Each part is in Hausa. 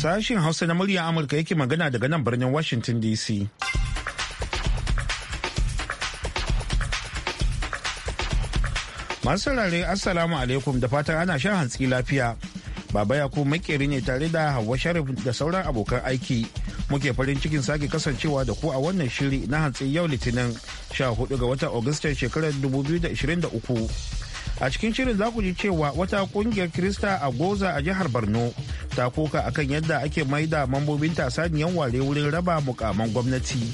sashen Hausa na murya Amurka yake magana daga nan birnin Washington DC. Masu saurare Assalamu alaikum da fatan ana shan hantsi lafiya. Baba Yakubu makeri ne tare da Hauwa Sharif da sauran abokan aiki. Muke farin cikin sake kasancewa da ku a wannan shiri na hantsi yau Litinin 14 ga watan Agustan shekarar 2023. a cikin shirin za ku ji cewa wata kungiyar krista a goza a jihar borno ta koka akan yadda ake maida mambobin tasaniyan ware wurin raba mukaman gwamnati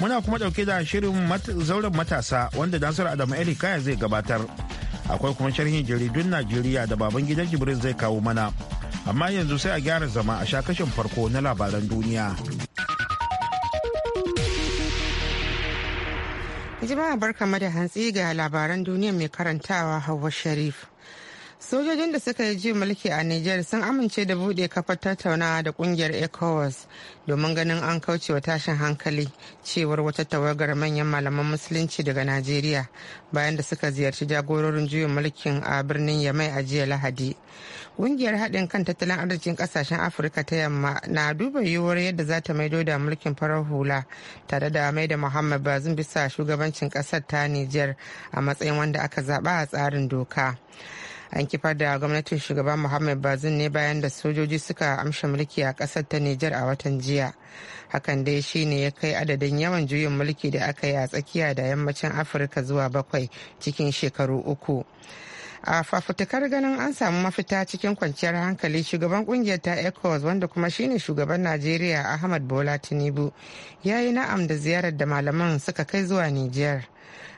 muna kuma dauke da shirin zauren matasa wanda nasiru adamu kaya zai gabatar akwai kuma sharhin jaridun najeriya da baban gidan jibril zai kawo mana amma yanzu sai a gyara zama a sha kashin farko na labaran duniya Jama'a kama da hantsi ga labaran duniya mai karantawa hawa Sharif. Sojojin da suka yi ji mulki a Nijar sun amince da bude kafar tattaunawa da kungiyar ECOWAS domin ganin an kauce wa tashin hankali cewar wata tawagar manyan malaman musulunci daga Najeriya bayan da suka ziyarci jagororin juyin mulkin a birnin Yamai a jiya Lahadi. Ƙungiyar haɗin kan tattalin arzikin ƙasashen Afirka ta yamma na duba yiwuwar yadda za ta maido da mulkin farar hula tare da mai da Muhammad bazin bisa shugabancin ƙasar ta Nijar a matsayin wanda aka zaɓa a tsarin doka. an kifar da gwamnatin shugaban muhammad bazin ne bayan da sojoji suka amsha mulki a ƙasar ta nijar a watan jiya hakan dai shi ne ya kai adadin yawan juyin mulki da aka yi a tsakiya da yammacin afirka zuwa bakwai cikin shekaru uku a fafutukar ganin an samu mafita cikin kwanciyar hankali shugaban kungiyar ta ecos wanda kuma shine shugaban najeriya ahmad bola tinubu ya yi na'am da ziyarar da malaman suka kai zuwa nijar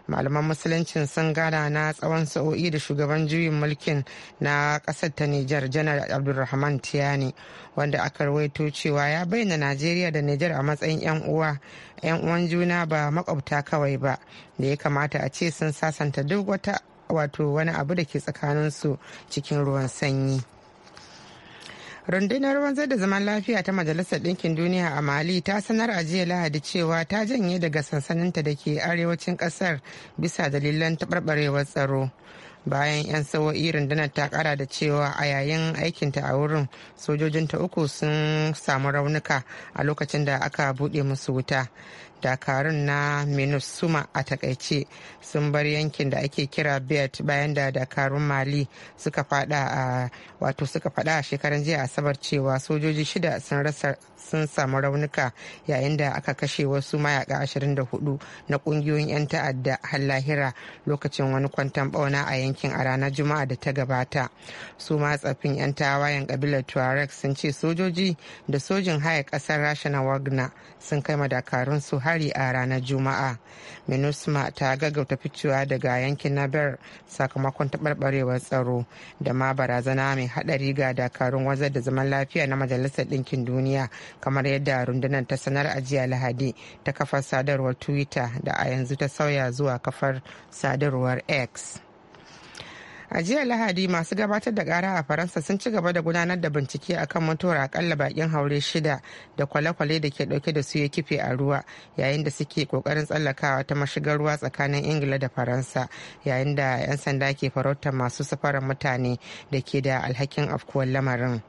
malaman musuluncin sun gana na tsawon sa'o'i da shugaban juyin mulkin na kasar ta nijar janar abdulrahman tiyani wanda aka rawaito cewa ya bayyana najeriya da nijar a matsayin 'yan uwa 'yan uwan juna ba makwabta kawai ba da ya kamata a ce sun sasanta duk wata wato wani abu da ke tsakanin su cikin ruwan sanyi rundunar wanzar da zaman lafiya ta majalisar ɗinkin duniya a mali ta sanar a jiya lahadi cewa ta janye daga sansaninta da ke arewacin ƙasar bisa dalilan taɓarɓarewar tsaro bayan 'yan sawo'i rundunar ta kara da cewa a yayin aikinta a wurin sojojinta uku sun samu raunuka a lokacin da aka buɗe musu wuta dakarun na minusuma a takaice sun bar yankin da ake kira bet bayan da dakarun mali suka fada a wato suka fada a shekaran jiya asabar cewa sojoji shida sun rasa sun samu raunuka yayin da aka kashe wasu mayaka 24 na kungiyoyin 'yan ta'adda har lahira lokacin wani kwantan bauna a yankin a ranar juma'a da ta gabata su ma tsafin 'yan tawayen kabilar tuareg sun ce sojoji da sojin haya kasar rasha na wagner sun kai dakarun su hari a ranar juma'a minusma ta gaggauta ficewa daga yankin na ber sakamakon taɓarɓarewar tsaro da ma barazana mai haɗari ga dakarun wanzar da zaman lafiya na majalisar ɗinkin duniya kamar yadda rundunar ta sanar a jiya lahadi ta kafar sadarwar twitter da a yanzu ta sauya zuwa kafar sadarwar x a jiya lahadi masu gabatar da kara a faransa sun ci gaba da gudanar da bincike a kan mutuwar akalla bakin haure shida da kwale-kwale da ke dauke da su ya kife a ruwa yayin da suke kokarin tsallakawa ta mashigar ruwa tsakanin ingila da faransa yayin da 'yan sanda ke farautar masu safarar mutane da ke da alhakin afkuwar lamarin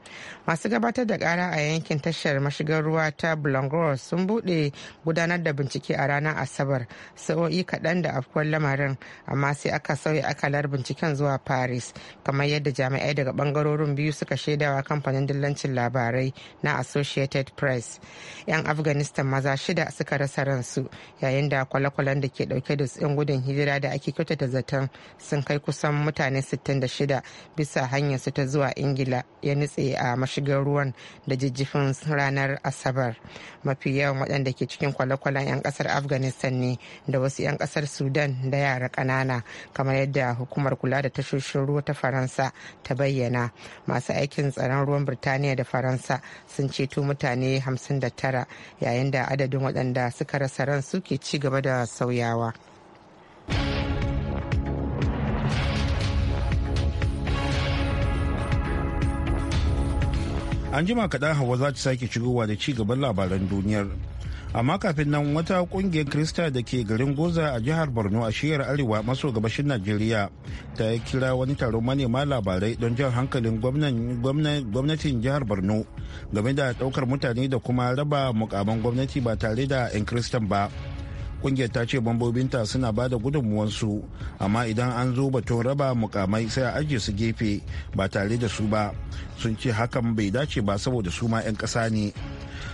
masu gabatar da kara a yankin tashar mashigar ruwa ta blangor sun bude gudanar da bincike a ranar asabar sa'o'i kaɗan da afkuwar lamarin amma sai aka sauya akalar binciken zuwa paris kamar yadda jami'ai daga bangarorin biyu suka shaidawa kamfanin dillancin labarai na associated press 'yan afghanistan maza shida suka rasa ransu yayin da kwale-kwalen da ke dauke da tsin gudun hijira da ake kyautata zaton sun kai kusan mutane 66 bisa hanyar su ta zuwa ingila ya nutse a mashigar ruwan da jijjifin ranar asabar mafi yawan waɗanda ke cikin kwale-kwalen 'yan ƙasar afghanistan ne da wasu 'yan ƙasar sudan da yara kanana kamar yadda hukumar kula da tashoshin tashoshin ruwa ta faransa ta bayyana masu aikin tsaron ruwan birtaniya da faransa sun ceto mutane 59 yayin da adadin waɗanda suka rasa ransu ke ci gaba da sauyawa. an jima kaɗan hawa za ta sake shigowa da ci gaban labaran duniyar amma kafin nan wata kungiyar krista da ke garin goza a jihar borno a shiyar arewa maso gabashin najeriya ta yi kira wani taron manema labarai don jan hankalin gwamnatin jihar borno game da daukar mutane da kuma raba mukaman gwamnati ba tare da 'yan kristan ba kungiyar ta ce bambobinta suna ba da gudunmuwansu amma idan an zo batun raba mukamai sai a ajiye su gefe ba tare da su ba sun ce hakan bai dace ba saboda su ma 'yan ƙasa ne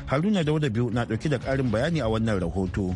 haruna dauda biyu na ɗauki da ƙarin bayani a wannan rahoto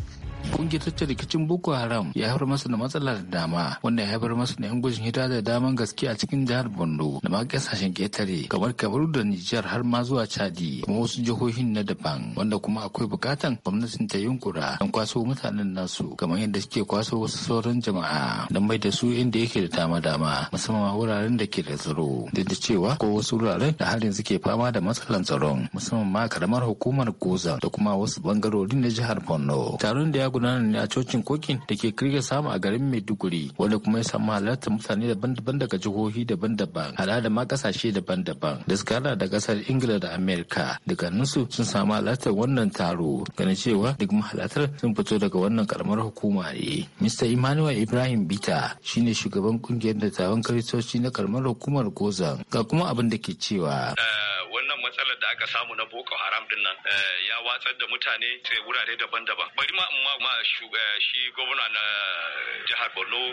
Kungiyar ta rikicin Boko Haram ya haifar masa da matsala da dama wanda ya haifar masa da 'yan gudun hita da daman gaske a cikin jihar Borno da ma kasashen ketare kamar Kabaru da Nijar har ma zuwa Chadi kuma wasu jihohin na daban wanda kuma akwai bukatan gwamnatin ta yunkura don kwaso mutanen nasu kamar yadda suke kwaso wasu sauran jama'a don mai da su inda yake da dama-dama musamman wuraren da ke da tsaro duk da cewa ko wasu wuraren da halin suke fama da matsalan tsaron musamman ma karamar hukumar Goza da kuma wasu bangarorin na jihar Borno taron da ya gudanar ne a cocin kokin da ke kirga samu a garin maiduguri wanda kuma ya samu halartar mutane daban-daban daga jihohi daban-daban hada da ma kasashe daban-daban da suka hada da kasar ingila da amerika dukkaninsu sun samu halartar wannan taro ganin cewa duk mahalartar sun fito daga wannan karamar hukuma ne mr emmanuel ibrahim bita shine shugaban kungiyar dattawan kiristoci na karamar hukumar gozan ga kuma abin da ke cewa. Eh, wannan matsalar da aka samu na boko haram din nan eh, ya watsar da mutane sai wurare daban-daban bari ma ma eh, shi gwamna na eh, jihar borno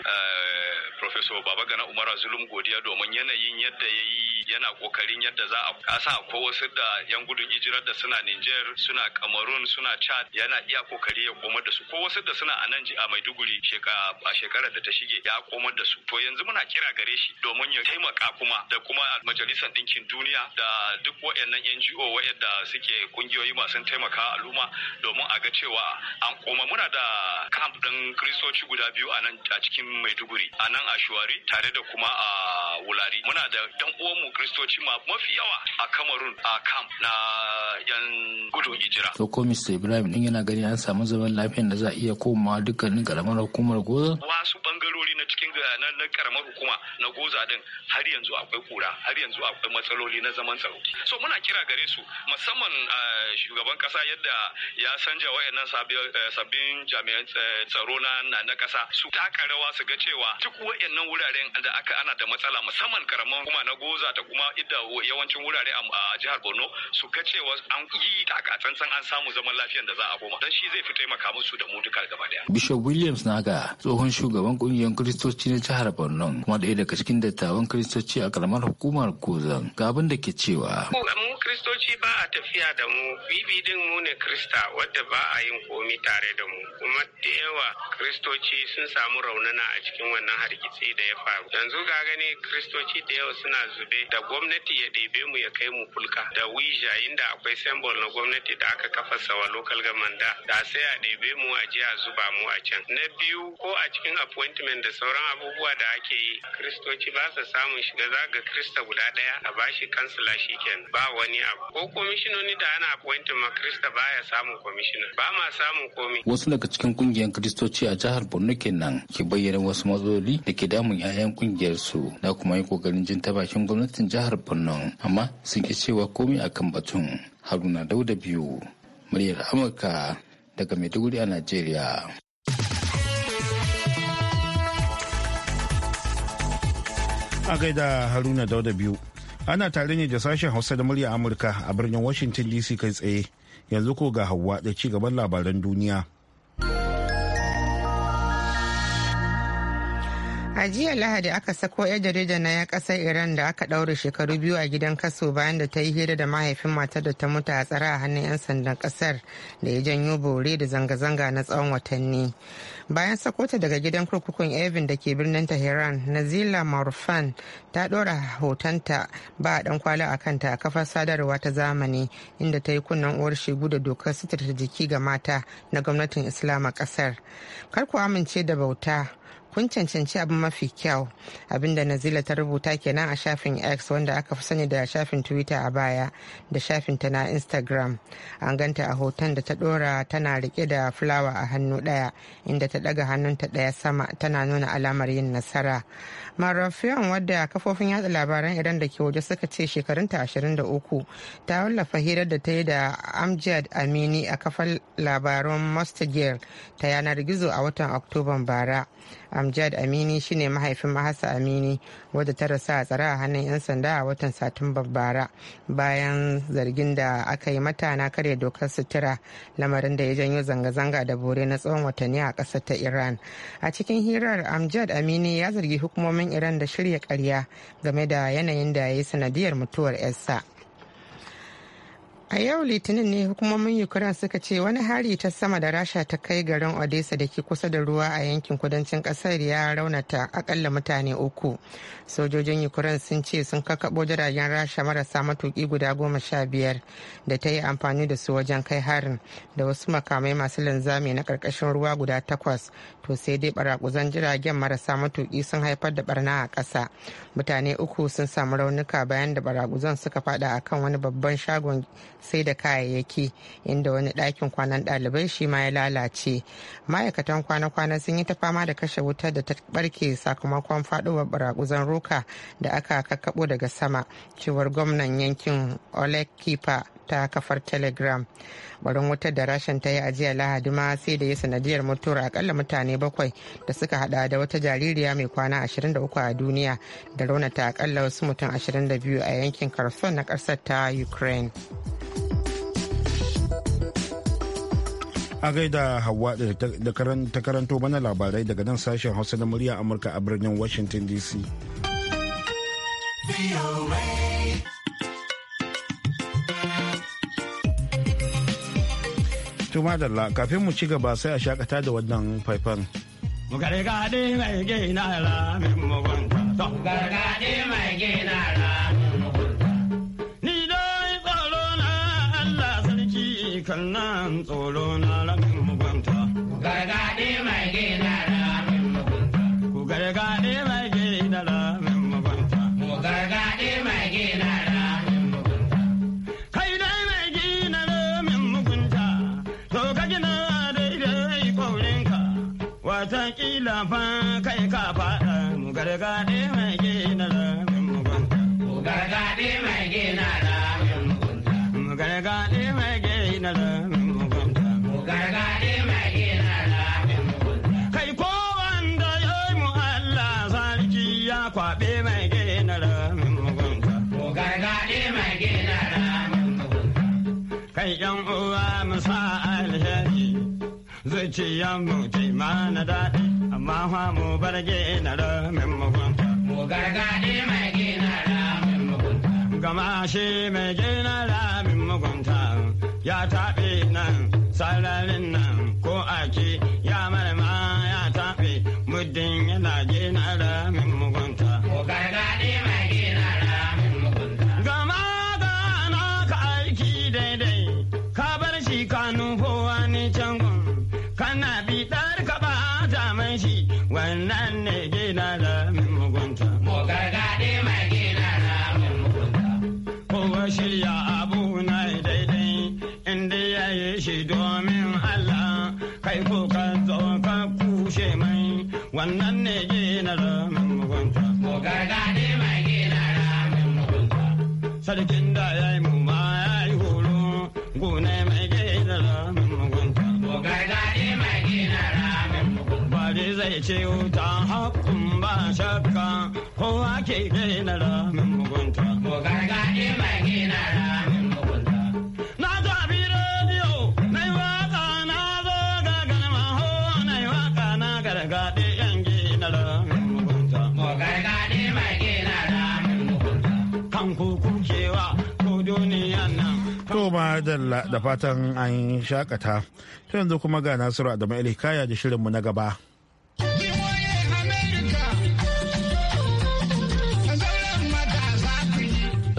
professor babagana umara zulum godiya domin yanayin yadda ya yi yana kokarin yadda za a kasa ko wasu da yan gudun ijirar da suna Niger suna Cameroon suna Chad yana iya kokari ya komar da su ko wasu da suna a nan a Maiduguri a shekarar da ta shige ya komar da su to yanzu muna kira gare shi domin ya taimaka kuma da kuma majalisar ɗinkin duniya da duk waɗannan NGO waɗanda suke kungiyoyi masu taimaka al'umma domin a ga cewa an koma muna da camp ɗin kristoci guda biyu a nan a cikin Maiduguri a nan a Shuwari tare da kuma a Wulari muna da ɗan uwanmu kristoci mafi yawa a kamarun a kam na yan gudun hijira. to ko mr ibrahim din yana gani an samu zaman lafiyan da za a iya koma dukkanin karamar hukumar goza. wasu bangarori na cikin eh, na karamar hukuma na goza din har yanzu akwai kura har yanzu akwai matsaloli na zaman tsaro so muna kira gare su musamman eh, shugaban kasa yadda ya sanja wayannan eh, sabbin jami'an tsaro na na kasa su taka rawa su ga cewa duk wayannan wuraren da aka ana da matsala musamman karamar hukuma na goza ta kuma idda yawancin wurare a jihar Borno su ga cewa an yi takatsantsan an samu zaman lafiyar da za a koma dan shi zai fi taimaka musu da mu duka gaba daya. Bishop Williams Naga tsohon shugaban kungiyar Kiristoci na jihar Borno kuma da daga cikin dattawan Kiristoci a karamar hukumar Kozan ga abin da ke cewa. Mu Kiristoci ba a tafiya da mu bibidin mu ne Krista wanda ba a yin komi tare da mu kuma da yawa Kiristoci sun samu raunana a cikin wannan hargitsi da ya faru. Yanzu ga gani Kiristoci da yawa suna zube da da gwamnati ya ɗebe mu ya kai mu fulka da wija inda akwai symbol na gwamnati da aka kafa sawa local government da da sai a ɗebe mu a je a zuba mu a can na biyu ko a cikin appointment da sauran abubuwa da ake yi kristoci ba su samun shiga za ga krista guda ɗaya a bashi kansila shi kenan ba wani abu ko komishinoni da ana appointment ma krista ya samun komishina ba ma samun komi wasu daga cikin kungiyar kristoci a jihar borno kenan ke bayyana wasu matsaloli da ke damun 'ya'yan kungiyar su na kuma yi kokarin jin ta bakin gwamnatin jihar borno amma sun ki cewa komai a kan batun haruna dauda biyu muryar amurka daga maiduguri a nigeria. a gaida haruna dauda biyu ana tare ne da sashen hausa da murya amurka a birnin washington dc kai tsaye yanzu ko ga hawa da ci gaban labaran duniya a jiya lahadi aka sako 'yan jarida na ya kasar iran da aka ɗaura shekaru biyu a gidan kaso bayan da ta yi hira da mahaifin matar da ta mutu a tsara a hannun 'yan sandan kasar da ya janyo bore da zanga-zanga na tsawon watanni bayan sakota daga gidan kurkukun evin da ke birnin tehran nazila marufan ta ɗora hotonta ba a ɗan kwala a kanta a kafar sadarwa ta zamani inda ta yi kunnen uwar shegu da dokar sutura jiki ga mata na gwamnatin islam a ƙasar kar ku amince da bauta kun cancanci abin mafi kyau abinda nazila ta rubuta kenan a shafin x wanda aka fi sani da shafin twitter a baya da shafin ta na instagram an ganta a hoton da ta dora tana rike da fulawa a hannu daya inda ta daga hannunta daya sama tana nuna alamar yin nasara marafiyan wadda kafofin yatsa labaran iran da ke waje suka ce shekarunta 23 ta wallafa hirar da ta yi da amjad amini a kafar labaran mustagir ta yanar gizo a watan Oktoba bara amjad amini shine mahaifin mahasa amini wadda ta rasa a tsara a hannun 'yan sanda a watan satumbar bara bayan zargin da aka yi mata na karya dokar sutura lamarin da ya janyo zanga-zanga da bore na tsawon watanni a ƙasar ta iran a cikin hirar amjad amini ya zargi hukumomin iran da shirya karya game da yanayin da ya yi sanadiyar mutuwar yarsa A yau Litinin ne hukumomin Ukraine suka ce wani hari ta sama da Rasha ta kai garin Odessa da ke kusa da ruwa a yankin kudancin kasar ya raunata akalla mutane uku. Sojojin Ukraine sun ce sun kakabo jiragen Rasha marasa matuki guda goma sha biyar da ta yi amfani da su wajen kai harin da wasu makamai masu linzami na karkashin ruwa guda takwas to sai dai barakuzan jiragen marasa matuki sun haifar da barna a ƙasa. Mutane uku sun samu raunuka bayan da barakuzan suka fada akan wani babban shagon sai da kayayyaki inda wani ɗakin kwanan ɗalibai shi ma ya lalace ma'aikatan kwana-kwana sun yi ta fama da kashe wuta da ta barke sakamakon faɗuwar barakuzan roka da aka kakkaɓo daga sama cewar gwamnan yankin olek ta kafar telegram barin wutar da rashin ta yi ajiya lahadi ma sai da ya sanadiyar mutuwar akalla mutane bakwai da suka hada da wata jaririya mai kwana 23 a duniya da raunata akalla wasu mutum 22 a yankin karson na karsar ta ukraine a gaida hawa da ta karanto mana labarai daga nan sashen hausa na murya amurka a birnin washington dc To madalla kafin mu ci gaba sai a shakata da wannan faifan. Gargaɗe mai gina la min mugunta. Gargaɗe mai gina la Ni dai tsoro na Allah sarki kan nan tsoro watakila fa kai ka faɗa mu gargaɗe mai gina ramin Mu gargaɗe mai zuciyanmu ke mana daɗi amma fa mu bar gina ramin mugunta. Mu gargaɗi mai gina ramin mugunta. Gama shi mai gina ramin mugunta ya taɓe nan sararin nan ko ake ya marama ya taɓe muddin yana gina ramin mugunta. Mu gargaɗi mai sarkin da ya yi mu ma ya yi horo gone mai gina ramin mugunta. Gogar daɗi mai gina ramin mugunta. Ba dai zai ce wuta haƙun ba shakka kowa ke gina ramin mugunta. Gogar daɗi mai gina ramin To da fatan an shakata. To yanzu kuma ga Nasiru Adamu kaya da shirinmu na gaba.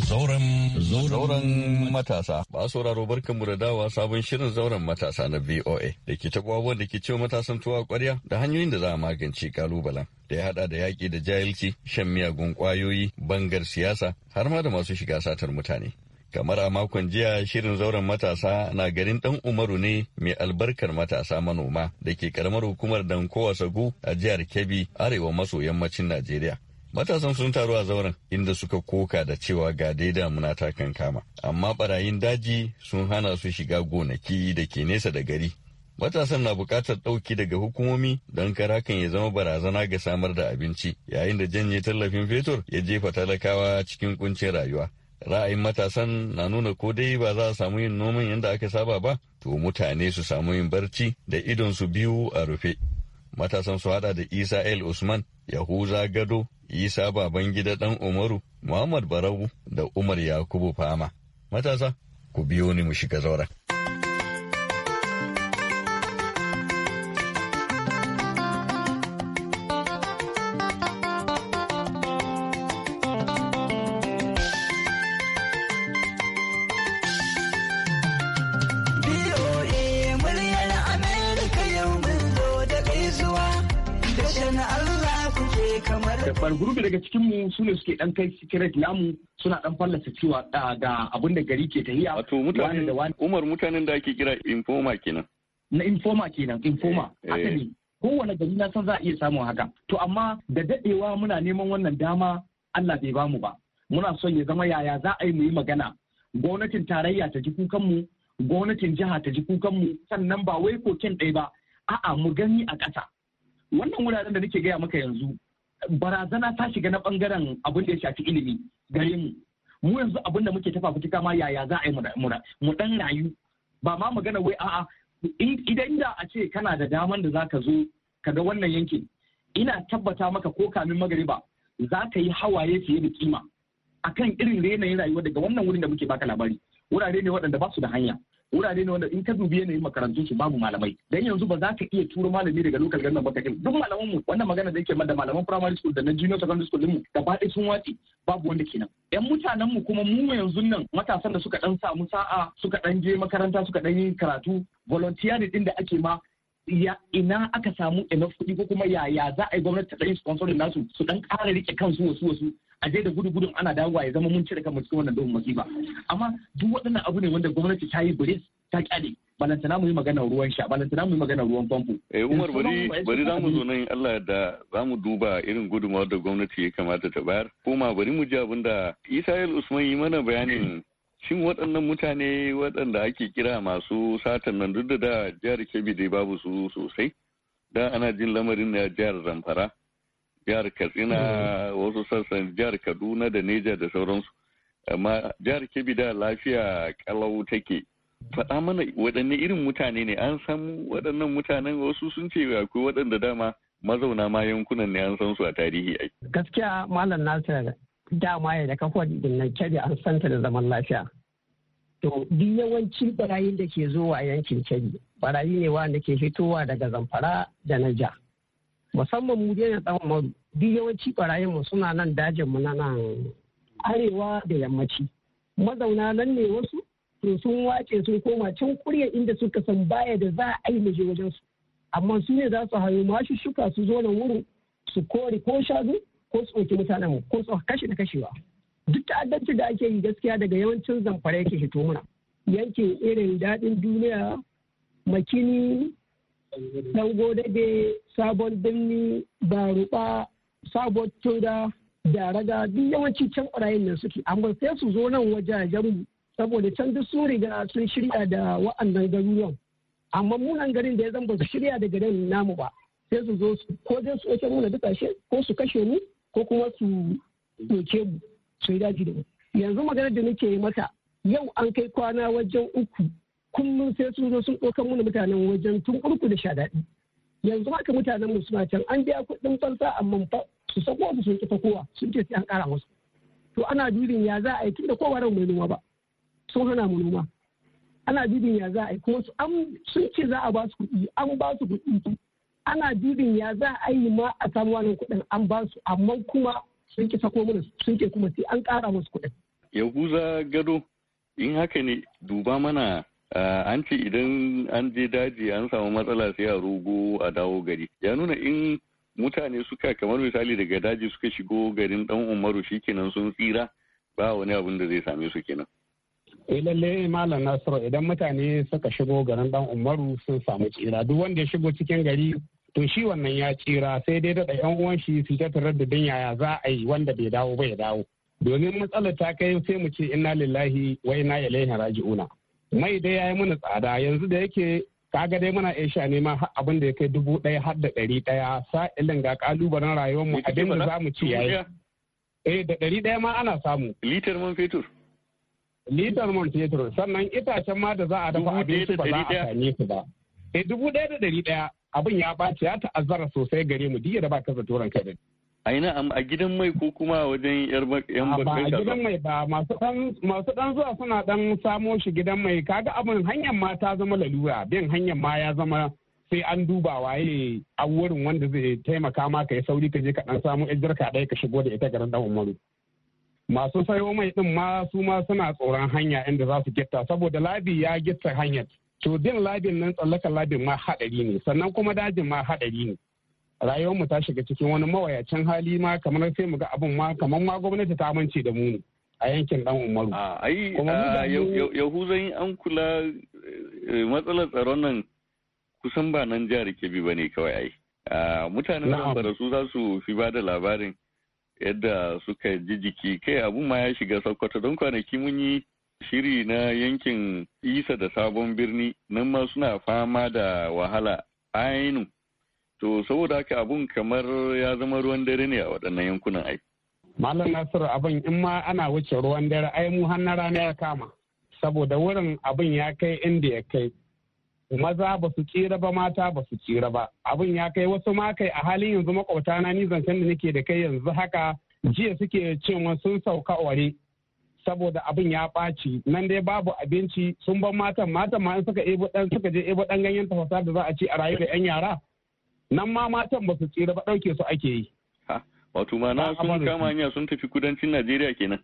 Zauren matasa. Ba sauraro barkanmu da dawa sabon shirin zauren matasa na VOA da ke taɓa abubuwan da ke ce matasan tuwa kwarya da hanyoyin da za a magance kalubalen. Da ya haɗa da yaƙi da jahilci, shan miyagun ƙwayoyi, bangar siyasa, har ma da masu shiga satar mutane. Kamar a makon jiya shirin zauren matasa na garin dan Umaru ne mai albarkar matasa manoma da ke karamar hukumar Dankowa Sagu a jihar Kebbi arewa maso yammacin Najeriya. Matasan sun taru a zauren inda suka koka da cewa ga daida damuna ta kankama, amma barayin daji sun hana su shiga gonaki da ke nesa da gari. Matasan na bukatar ɗauki daga hukumomi don kar hakan ya zama barazana ga samar da abinci, yayin da janye tallafin fetur ya jefa talakawa cikin kuncin rayuwa. ra'ayin matasan na nuna ko dai ba za a samu yin noman yadda aka saba ba to mutane su samu yin barci da idon su biyu a rufe matasan su hada da isa el usman yahuza gado isa baban gida dan umaru muhammad barau da umar yakubu fama matasa ku biyo ni mu shiga zauren su ne suke dan kai secret namu suna dan fallasa cewa ah, ga abin da gari ke tahiya wato mutane umar mutanen da ake kira informa kenan na informa kenan informa eh, eh. asali kowane gari na san za a iya samun haka to amma da dadewa muna neman wannan dama Allah bai bamu ba muna son ya zama yaya za a yi mu yi magana gwamnatin tarayya ta ji mu gwamnatin jiha ta ji mu sannan ba wai koken ɗaya ba a'a mu gani a ƙasa wannan wuraren da nake gaya maka yanzu barazana ta shiga na bangaren abin da ya shafi ilimi gare mu mu yanzu abin da muke tafa ma yaya za a yi mu dan rayu ba ma magana wai a'a idan da a ce kana da daman da za ka zo ka ga wannan yankin ina tabbata maka ko kamin magariba za ka yi hawaye fiye da kima akan irin yanayin rayuwa daga wannan wurin da muke baka labari wurare ne waɗanda ba su da hanya wurare ne wanda in ka dubi yanayin makarantun su babu malamai dan yanzu ba za ka iya turo malami daga local government ba kai duk malaman mu wannan magana da yake da malaman primary school da na junior secondary school mu da ɗaya sun wace babu wanda nan yan mutanen mu kuma mu yanzu nan matasan da suka dan samu sa'a suka dan je makaranta suka dan yi karatu volunteer din da ake ma ya ina aka samu enough kuɗi ko kuma yaya za a yi gwamnati ta sponsor sponsorin nasu su dan ƙara rike kansu wasu wasu a je da gudu gudun ana dawowa ya zama mun cire kanmu cikin wannan dogon masifa amma duk waɗannan abu ne wanda gwamnati ta yi bare ta kyale balantana mu yi magana ruwan sha balantana mu yi magana ruwan famfo. Eh Umar bari bari zamu zo nan Allah da zamu duba irin gudunmawar da gwamnati ya kamata ta bayar. Kuma bari mu ji abin da Usman yi mana bayanin shin waɗannan mutane waɗanda ake kira masu satan nan duk da jihar Kebbi dai babu su sosai. Da ana jin lamarin na jihar Zamfara. jihar katsina wasu sassan jihar kaduna da neja da sauransu amma jihar kebbi da lafiya kalau take faɗa mana waɗanne irin mutane ne an san waɗannan mutanen wasu sun ce akwai waɗanda dama mazauna ma yankunan ne an san su a tarihi ai gaskiya malam nasir dama ya da kafa dinnan kebbi an santa da zaman lafiya to duk yawancin barayin da ke zuwa yankin kebbi barayi ne wanda ke fitowa daga zamfara da naija musamman mu dai na tsawon maru duk yawanci barayin mu suna nan dajin mu na nan arewa da yammaci mazauna nan ne wasu to sun wace sun koma cin kurya inda suka san baya da za a yi muje wajen su amma su ne za su hayo mashi shuka su zo nan wurin su kore ko shazu ko su mutanen mu ko su kashe da kashewa duk ta'addanci da ake yi gaskiya daga yawancin zamfara yake hito mana Yanke irin daɗin duniya makini dan godade sabon birni da ruɓa sabon da raga duk yawanci can ɓarayin nan suke amma sai su zo nan wajajen saboda can duk sun riga sun shirya da wa'annan garuruwan amma munan garin da ya zan ba su shirya da garin namu ba sai su zo ko dai su ɗauke muna duk ko su kashe mu ko kuma su ɗauke mu su yi daji da mu yanzu maganar da nake mata yau an kai kwana wajen uku kullum sai sun zo sun ɗaukar mana mutanen wajen tun urku da sha daɗi yanzu haka mutanen mu suna can an biya kuɗin fansa amma fa su sako su sun kifa kowa sun ce sai an ƙara musu to ana dubin ya za a yi tunda kowa ran mai noma ba sun hana mu noma ana dubin ya za a yi kuma an sun ce za a ba su kuɗi an ba su kuɗi ana dubin ya za a yi ma a samu wannan kuɗin an ba su amma kuma sun ki sako mana sun ce kuma sai an ƙara musu kuɗin. Yahuza gado in haka ne duba mana Eh, an ce idan an je daji an samu matsala sai a rogo a dawo gari ya nuna in mutane suka kamar misali daga daji suka shigo garin dan umaru shikenan sun tsira ba wani abin da zai same su kenan eh lalle malam nasiru idan mutane suka shigo garin dan umaru sun samu tsira duk wanda ya shigo cikin gari to shi wannan ya tsira sai dai da yan uwan shi su ta tarar yaya za a yi wanda bai dawo ba ya dawo domin matsalar ta kai sai mu ce inna lillahi wa inna ilaihi raji'una mai dai ya yi mana tsada yanzu da yake kaga dai muna iya sha ma abin da ya kai dubu ɗaya har da ɗari ɗaya sa'ilin ga ƙalubalen rayuwar mu abin da za mu ci yayi eh da ɗari ɗaya ma ana samu litar man fetur litar man fetur sannan itacen ma da za a dafa abinci ba za a sami su ba eh dubu ɗaya da ɗari ɗaya abin ya ɓaci ya ta'azzara sosai gare mu diya da ba ka zatoran kai a ina a gidan mai ko kuma wajen yan bakwai. ba a gidan mai ba masu dan zuwa suna dan samo shi gidan mai kaga abin hanyar ma ta zama lalura bin hanyar ma ya zama sai an duba waye a wanda zai taimaka ma ka sauri ka je ka dan samu ƴar ka ɗaya ka shigo da ita garin dan umaru masu sayo mai din ma su ma suna tsoron hanya inda za su gitta saboda labi ya gitta hanyar to bin labin nan tsallakan labin ma haɗari ne sannan kuma dajin ma haɗari ne rayuwar mu ta shiga cikin wani mawayacin hali ma kamar sai mu ga abin ma kamar ma gwamnati ta amince da mu a yankin dan umaru ai yahuzan an kula eh, eh, matsalar tsaron nan kusan ba nan jihar kebbi ba ne kawai ai mutanen zamfara su za su fi ba da labarin yadda suka ji jiki kai abun ma ya shiga sokoto don kwanaki mun yi shiri na yankin isa da sabon birni nan ma suna fama da wahala ainu to saboda haka abun kamar ya zama ruwan dare ne a waɗannan yankunan ai malam nasiru abin in ma ana wuce ruwan dare ai mu har na rana ya kama saboda wurin abin ya kai inda ya kai maza ba su tsira ba mata ba su tsira ba abin ya kai wasu ma kai a halin yanzu makwabta na ni zancen da nake da kai yanzu haka jiya suke cewa sun sauka ware saboda abin ya ɓaci nan dai babu abinci sun ban matan matan ma in suka ebo dan suka je ebo dan ganyen tafasa da za a ci a rayu da yan yara nan ma matan ba su tsira ba ɗauke su ake yi. Wato ma sun kama hanya sun tafi kudancin Najeriya kenan.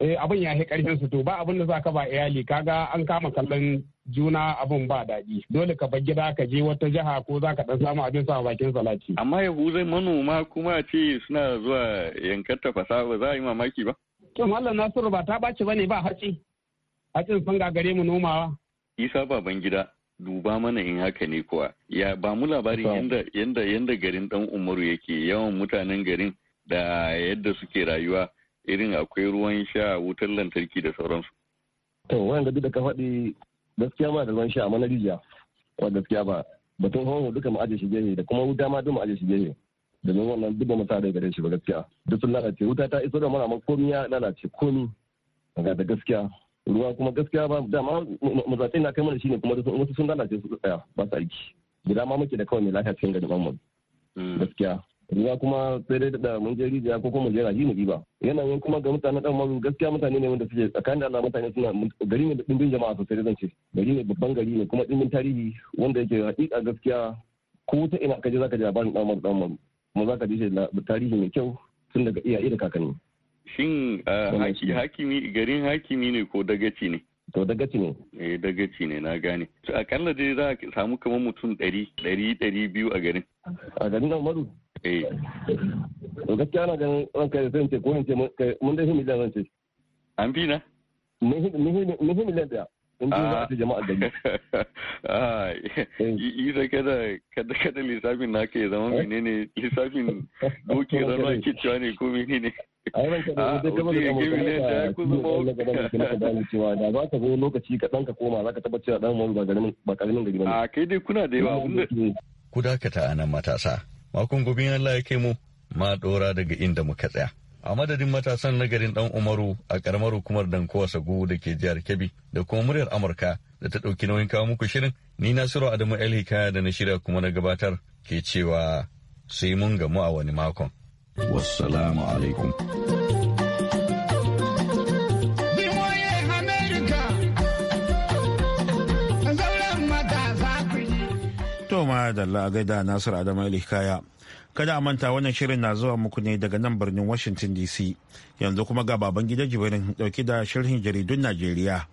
Eh abin ya fi ƙarfin su to ba abin da za ka ba iyali kaga an kama kallon juna abin ba daɗi dole ka bar gida ka je wata jiha ko za ka ɗan samu abin sa bakin salati. Amma Yahuzai manoma kuma ce suna zuwa yankar fasa. ba za a yi mamaki ba. To Mallam Nasiru ba ta ɓaci ba ne ba hatsi. Hatsin sun gagare mu nomawa. Isa ban gida duba mana in haka ne kuwa ya ba mu labarin yanda yanda garin dan umaru yake yawan mutanen garin da yadda suke rayuwa irin akwai ruwan sha wutar lantarki da sauransu to wanda duk da ka faɗi gaskiya ma da ruwan sha amma na rijiya ko gaskiya ba batun hongo duka mu aje shi gehe da kuma wuta ma duk mu aje shi gehe domin wannan duk ba mu sa da gare shi ba gaskiya duk sun lalace wuta ta iso da mana amma komi ya lalace komi daga gaskiya ruwa kuma gaskiya ba dama mazatsai na kai mana shine kuma wasu sun lalace su tsaya ba su aiki gida ma muke da kawai mai lafiya cikin gari mamman. Hmm. gaskiya ruwa kuma sai dai da mun je rijiya ko kuma je rahi mu diba yanayin kuma ga mutane dan maru gaskiya mutane ne wanda suke tsakanin da Allah mutane suna gari ne da dimbin jama'a sosai zan zance gari ne babban gari ne kuma dimbin tarihi wanda yake hakika gaskiya ko ta ina kaje zaka ji labarin dan maru dan maru kuma zaka ji tarihi mai kyau tun daga iyaye da kakanni Shin ah, hakimi garin hakimi ne ko dagaci ne? To dagaci ne. Eh dagaci ne na gane. To akalla dai za ka samu kamar mutum 100 ɗari ɗari a garin. A garin nan maru? Eh. To gaskiya na ganin ranka zan ce ko in ce mun dai miliyan zan ce. An bi na? Mun miliyan ɗaya. Isa ah. eh. kada kada kada lissafin na ke zama eh? menene lissafin doki zama ke cewa ne ko menene. a ah, uh, ka zo lokaci ka ka koma za tabbatar da ba ba gari ba a ah, kai dai kuna da yawa ku dakata matasa makon gobe Allah ya kai mu ma ɗora daga inda muka tsaya a madadin matasan na garin dan umaru a karamar hukumar dankowa sagu da ke jihar kebbi da kuma muryar amurka da ta ɗauki nauyin kawo muku shirin ni nasiru adamu el da na shirya kuma na gabatar ke cewa sai mun gamu a wani makon والسلام عليكم Toma da la'agaida Nasiru Adamu Kaya. Kada a manta wannan shirin na zuwa muku ne daga nan birnin Washington DC. Yanzu kuma ga baban gida jibirin dauke da shirhin jaridun Najeriya.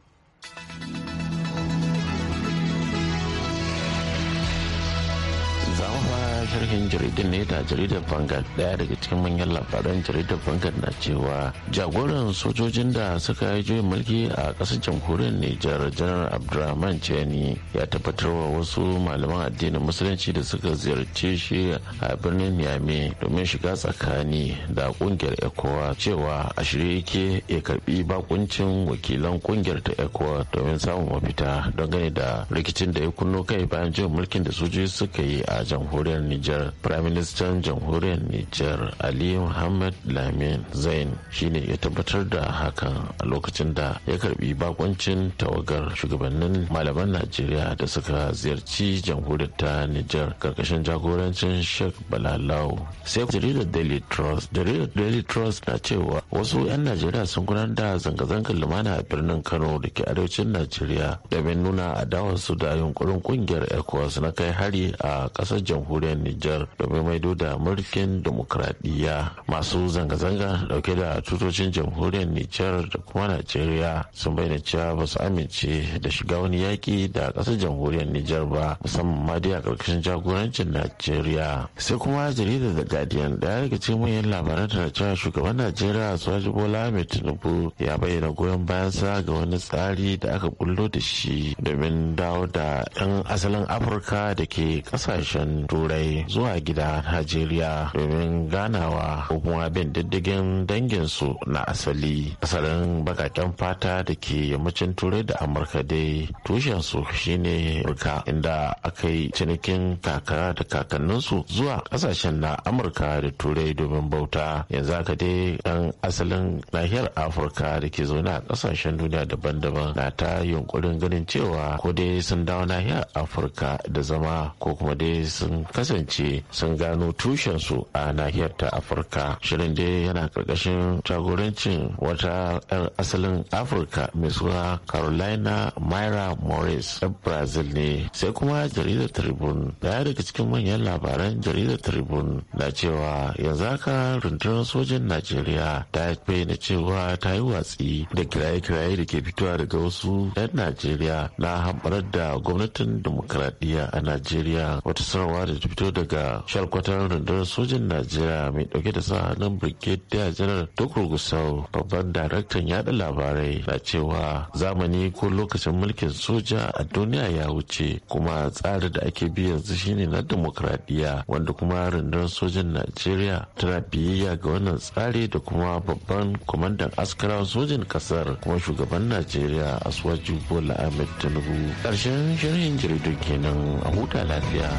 sharhin jaridar ne da jaridar vangard daya daga cikin manyan labaran jaridar vangard na cewa jagoran sojojin da suka yi juyin mulki a kasar jamhuriyar Nijar janar Abdulrahman Chani ya tabbatar wa wasu malaman addinin musulunci da suka ziyarce shi a birnin Niamey domin shiga tsakani da kungiyar ECOWA cewa a shirye yake ya karbi bakuncin wakilan kungiyar ta ECOWA domin samun mafita don gane da rikicin da ya kunno kai bayan juyin mulkin da sojoji suka yi a jamhuriyar Nijar. Nijar, Firaministan Jamhuriyar Nijar Ali Muhammad Lamin Zain shine ya tabbatar da hakan a lokacin da ya karbi bakoncin tawagar shugabannin malaman Najeriya da suka ziyarci jamhuriyar ta Nijar karkashin jagorancin Sheikh Balalau. Sai jaridar Daily Trust. Jaridar Daily Trust na cewa wasu 'yan Najeriya sun gudanar da zanga-zangar lumana a birnin Kano da ke arewacin Najeriya domin nuna adawarsu da yunkurin kungiyar ECOWAS na kai hari a ƙasar jamhuriyar Nijar domin maido da mulkin demokradiyya. Masu zanga-zanga dauke da tutocin jamhuriyar Nijar da kuma Najeriya sun bayyana cewa ba su amince da shiga wani yaƙi da ƙasar jamhuriyar Nijar ba musamman ma dai a ƙarƙashin jagorancin Najeriya. Sai kuma jaridar da Guardian ɗaya daga cikin manyan labaran da cewa shugaban Najeriya Swaji Bola Ahmed Tinubu ya bayyana goyon bayansa ga wani tsari da aka bullo da shi domin dawo da 'yan asalin Afirka da ke ƙasashen Turai. zuwa gida Najeriya domin ganawa ko kuma bin diddigin danginsu na asali. Asalin bakaken fata da ke yammacin Turai da Amurka dai tushensu shine Amurka inda aka yi cinikin kaka da kakanninsu zuwa kasashen na Amurka da Turai domin bauta. Yanzu aka dai dan asalin nahiyar Afirka da ke zaune a kasashen duniya daban-daban na ta yunkurin ganin cewa ko dai sun dawo nahiyar Afirka da zama ko kuma dai sun kasance kasance sun gano tushensu a nahiyar ta afirka shirin dai yana karkashin jagorancin wata 'yan asalin afirka mai suna carolina myra morris a brazil ne sai kuma jaridar tribune daya daga cikin manyan labaran jaridar tribune na cewa yanzu haka rundunar sojin najeriya ta bayyana cewa ta yi watsi da kiraye-kiraye da ke fitowa daga wasu 'yan najeriya na hamɓarar da gwamnatin dimokuraɗiyya a najeriya wata sanarwa da ta fito da daga shalkwatar rundunar sojin najeriya mai dauke da sahanin brigadier janar tukur gusau babban daraktan yada labarai na cewa zamani ko lokacin mulkin soja a duniya ya wuce kuma tsari da ake bi yanzu shine na demokradiyya wanda kuma rundunar sojin najeriya tana biyayya ga wannan tsari da kuma babban kwamandan Askara sojin kasar kuma shugaban najeriya aswaju bola ahmed tinubu Karshen shirin jaridar kenan a huta lafiya.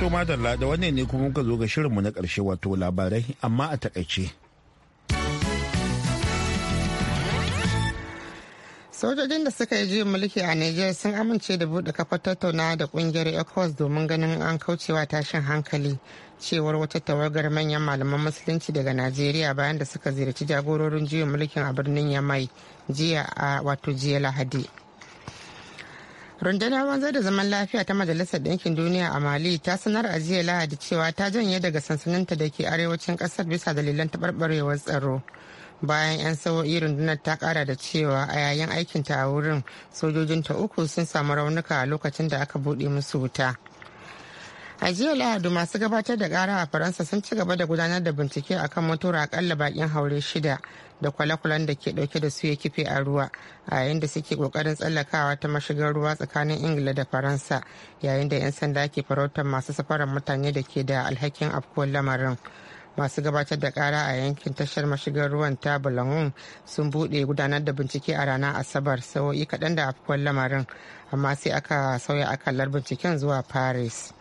To madalla da wannan ne kuma muka zo ga shirinmu na karshe wato labarai amma a takaice. Sojojin da suka yi juyin mulki a Nijar sun amince da buɗe kafar tattaunawa da kungiyar ECOWAS domin ganin an kaucewa tashin hankali cewar wata tawagar manyan malaman musulunci daga Najeriya bayan da suka ziyarci jagororin juyin mulkin a birnin Yamai jiya a wato jiya Lahadi. rundunar wanzar da zaman lafiya ta majalisar ɗinkin duniya a mali ta sanar a jiya lahadi cewa ta janye daga sansaninta da ke arewacin ƙasar bisa dalilan taɓarɓarewar tsaro bayan 'yan sa'o'i rundunar ta ƙara da cewa a yayin aikinta a wurin sojojinta uku sun samu raunuka a lokacin da aka buɗe musu wuta a jiya lahadi masu gabatar da kara a faransa sun ci gaba da gudanar da bincike akan motora akalla bakin haure shida da kwale-kwalen da ke dauke da su ya kife a ruwa a yayin da suke kokarin tsallakawa ta mashigar ruwa tsakanin ingila da faransa yayin da 'yan sanda ke farautar masu safarar mutane da ke da alhakin afkuwar lamarin masu gabatar da kara a yankin tashar mashigar ruwan ta bulangun sun bude gudanar da bincike a ranar asabar sa'o'i kaɗan da afkuwar lamarin amma sai aka sauya akalar binciken zuwa paris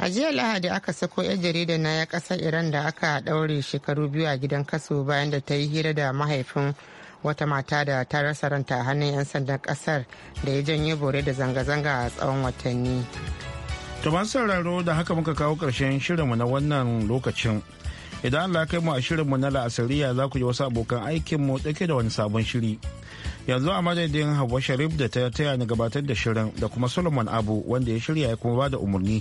a jiya lahadi aka sako 'yan jarida na ya kasar iran da aka daure shekaru biyu a gidan kaso bayan da ta yi hira da mahaifin wata mata da ta rasa ranta a hannun 'yan sandan kasar da ya janye bore da zanga-zanga a tsawon watanni to ban sauraro da haka muka kawo karshen shirinmu na wannan lokacin idan Allah kai mu a shirin shirinmu na la'asariya za ku ji wasu abokan aikin mu dauke da wani sabon shiri yanzu a madadin hawa sharif da ta taya ni gabatar da shirin da kuma solomon abu wanda ya shirya ya kuma bada umarni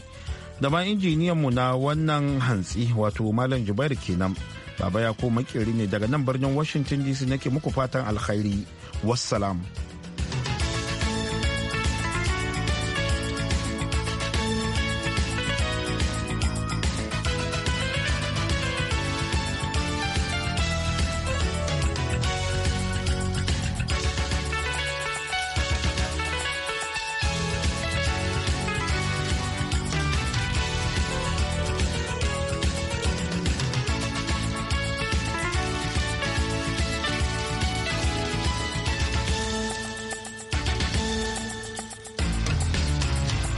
da ma injiniyanmu na wannan hantsi wato malam jubairu kenan baba ya ko makeri ne daga nan birnin washington dc nake muku fatan alkhairi wassalam